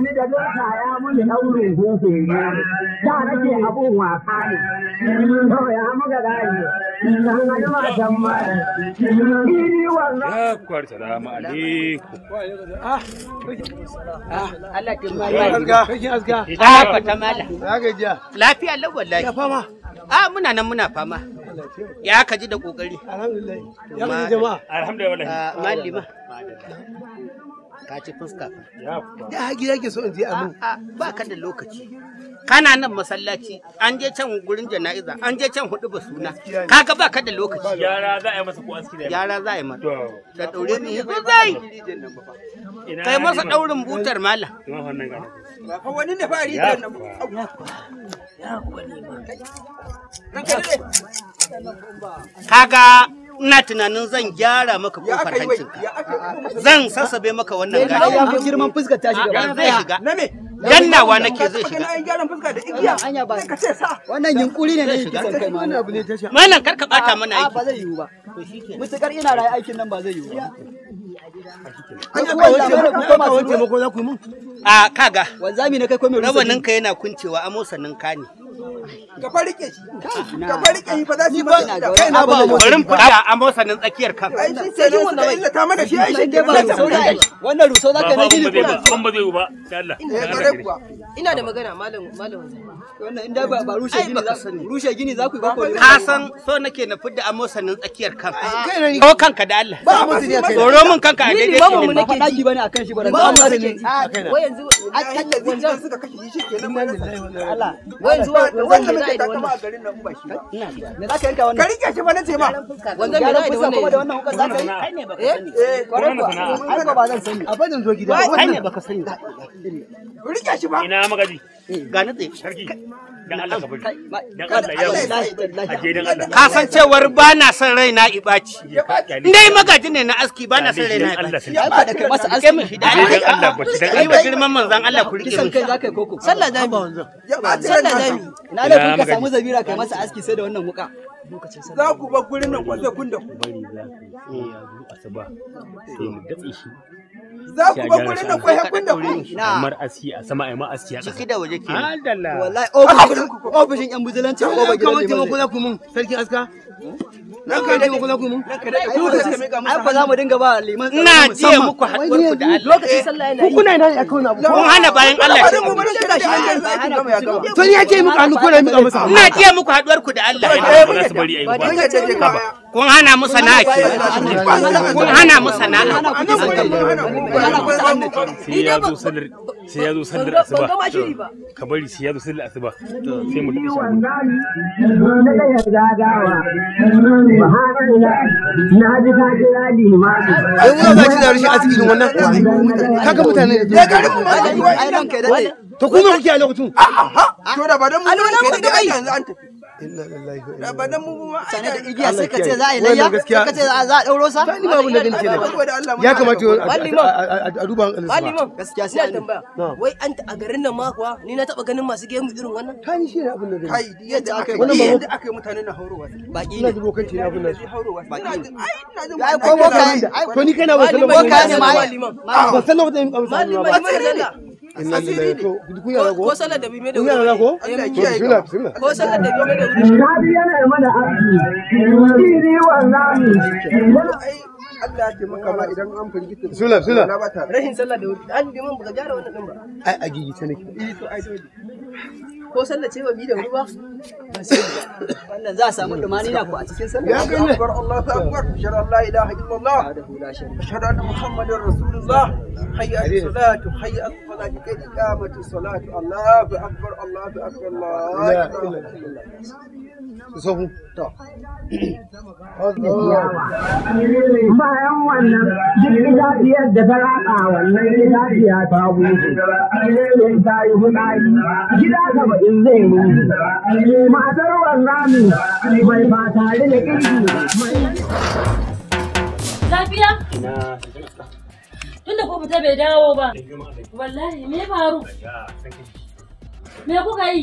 ni da don ya muni daurin gobe ne da nake abun wasa ne to ya muka gani Ya kuwar salamu alaikum. Ah, Allah ke ma yi. Azga. Ah, fata mala. Lafiya lau wallahi. Ya fama. Ah, muna nan muna fama. Ya kaji da kokari. Alhamdulillah. Ya jama'a. Alhamdulillah. Ah, malima. ka ci fuska da hagi yake so in je a ba ka da lokaci kana nan masallaci an je can gurin jana'iza an je can hudu ba suna kaga ba ka da lokaci yara za a yi masa ko aski da yara za a yi masa da daure mu yi zai kai masa daurin butar mala ba wani ne fari da nan kaga ina tunanin zan gyara maka kofar hancinka zan sasabe maka wannan gashi ya girman fuska ta shiga ba zai shiga yannawa nake zai shiga gyaran fuska da igiya anya ba ka ce sa wannan yunkuri ne ne kisan kai ma wannan abu ne mallan karka bata mana aiki ba zai yiwu ba to shikenan mutakar ina rayi aikin nan ba zai yiwu ba a kaga wanzami na kai ko mai rawanin ka yana kuncewa amosanin ka ne ka farike shi ka farike shi ba za su yi da kai na ba barin fita a masanin tsakiyar kan ai shi sai yin wannan illa ta mana shi ai shi ke ba wannan ruso za ka na gidi ban ba zai yi ba sai Allah ina da magana malam malam wannan inda ba ba rushe gini za rushe gini za ku ba ko ka san so nake na fidda a masanin tsakiyar kan ko kanka da Allah ba mu tsoro mun kanka a daidai ba mu nake ji bane akan shi ba ba mu wai yanzu Allah wai zuwa wanda muke takama a garin nan ba shi ba me zaka yanka wannan ka rike shi ba nace ma wanda me zai da wannan wannan hukar ka yi eh, ne baka eh, sani eh ba ba zan sani a bajin zo gida ai ne sani rike shi ba ina magaji eh, ga sarki dan ka san cewar ba na son raina ibaci dai magaji ne na aski ba na son raina ibaci ba da kai masa aski dan Allah ba dan Allah girman manzon Allah ku rike kai zaka koko sallah sallah na da ka samu zabira kai masa aski sai da wannan wuka za ku bar gurin nan kwanza kun da ku bari za ku eh hmm. a mu datse shi za ku gurin nan kwanza kun da ku kamar a sama ai ma ciki da waje ke wallahi ofishin ofishin yan buzulanci ko ba gidan ne kamar ku mun sarki aska na ka dade ku ina muku haɗuwar ku da Allah lokacin sallah yana yi kuna kun hana bayan Allah shi ya muku hannu na muku masa ina muku haɗuwar ku da Allah ai kun hana mu sana'a ke kun hana mu sana'a sai ya zo sallar sai ya zo sallar asuba ka bari sai ya zo sallar asuba sai mu tafi na ji ka kira limami ai wani ba shi da rashin asibitin wannan kaga mutane da zuwa To ku me kuke a lokacin? A'a. To da badan mu ne kai yanzu an tafi. Inna lillahi wa inna ilaihi Da mu da igiya sai ce za a yi layya? Sai ka ce za a dauro sa? Ya kamata a duba Wani gaskiya sai an Wai an a garin nan ni na taba ganin masu gemu irin wannan. shi ne abin da gani. Kai yadda yadda aka yi inna lillahi ko da wuri ko da wuri mm, mana arziki ni wallahi Allah ya taimaka ma idan an firgita sula sula sallah da wuri an bi mun gyara wannan ba ai a nake eh to ai ko sallace ba bi da wuri ba wannan za a samu dumani na ku a cikin sallah ya kai akbar Allah ta akbar shar Allah ilaha illallah shar rasulullah hayya salatu hayya salatu kai salatu Allahu akbar Allahu akbar sahu to bayan wannan duk itaciyar da ta raka wannan itaciya ta bushe ne ta yi hudayi gida saba'in zai rushe matar wannan bai fata da kirki mai lafiya tunda ko fita bai dawo ba wallahi me faru me kuka yi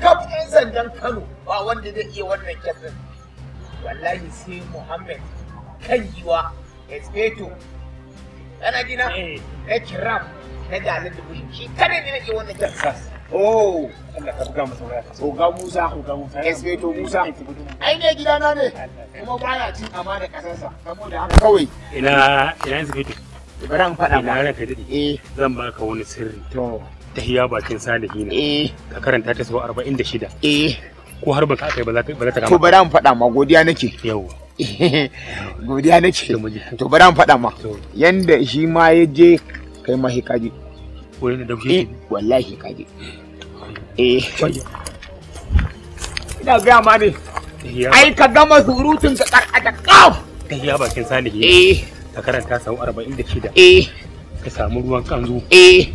kaf 'yan sandan Kano ba wanda zai iya wannan kyasin. Wallahi sai Muhammad kan giwa Espeto. Kana gina. Na kiram eh. na galin dubu shi kada ne nake wannan kyasin. Oh, Allah ka buga masa waya. Oga Musa, Oga eh, Musa. Espeto Musa. Ai ne gidana ne. Kuma baya cin amana kasarsa saboda haka kawai. Ina ina Espeto. Bari an faɗa ba. Ina ranka dade. Eh. Zan baka wani sirri. To. tahiya bakin salihi ne eh. ka karanta ta sau 46 eh ko har baka kai ba za ta kama to bari an faɗa ma godiya nake yawa godiya nake to bari an faɗa ma yanda shi ma ya je kai ma hikaji wurin da dauke eh, wallahi hikaji eh ina ga ma ne ai ka gama surutun ka karkata kaf tahiya bakin salihi eh ka karanta sau 46 eh ka samu ruwan kanzu eh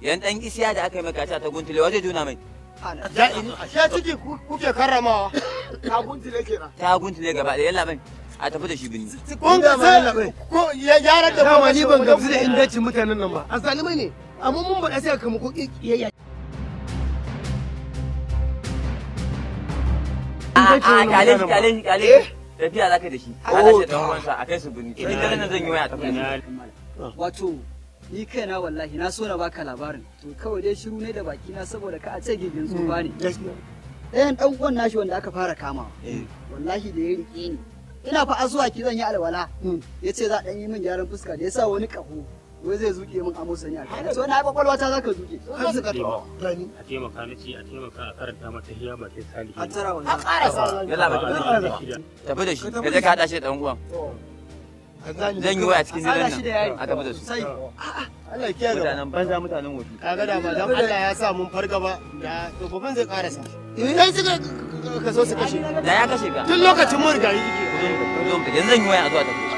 yan dan isiya da aka yi maka ta guntule waje juna mai ya ciki kuke karramawa ta guntule kenan ta guntule gaba da yalla bai a tafi da shi binni kun ga mai yalla sai ko ya yara da kuma ni ban gamsu da indancin mutanen nan ba a zalimai ne amma mun ba da sai ka mu ko kiyayya a kale shi kale shi kale tafiya zaka da shi a lashe oh, dan uwansa a kai su binni idan nan zan yi waya tafi wato ni kaina wallahi na so na baka labarin to kawai dai shiru ne da baki na saboda ka a ce gigin tsufa ne mm, ɗayan dan uwan nashi wanda aka fara kama eh. wallahi da ya riƙe ni ina fa zuwa ki zan yi alwala mm. ya ce za a ɗan yi min gyaran fuska da ya sa wani ƙaho wai zai zuke min amo sani a kai to na kwakwalwa ta zaka zuke har su ka tawa rani a taimaka na ce a maka a karanta mata hiya ba sai salihi a tara wannan a ƙara sa yalla ba ta tafi da shi ka je ka hada shi da ɗan uwan zan yi waya cikin daren nan a tafi da su Allah kiyaye mutanen banza mutanen wofi kaga da ba dan Allah ya sa mun farga ba da tsofaffin zai karasa eh, idan suka kaso su kashe da ya kashe ka tun lokacin mun rigayi yanzu zan yi waya a zuwa tafi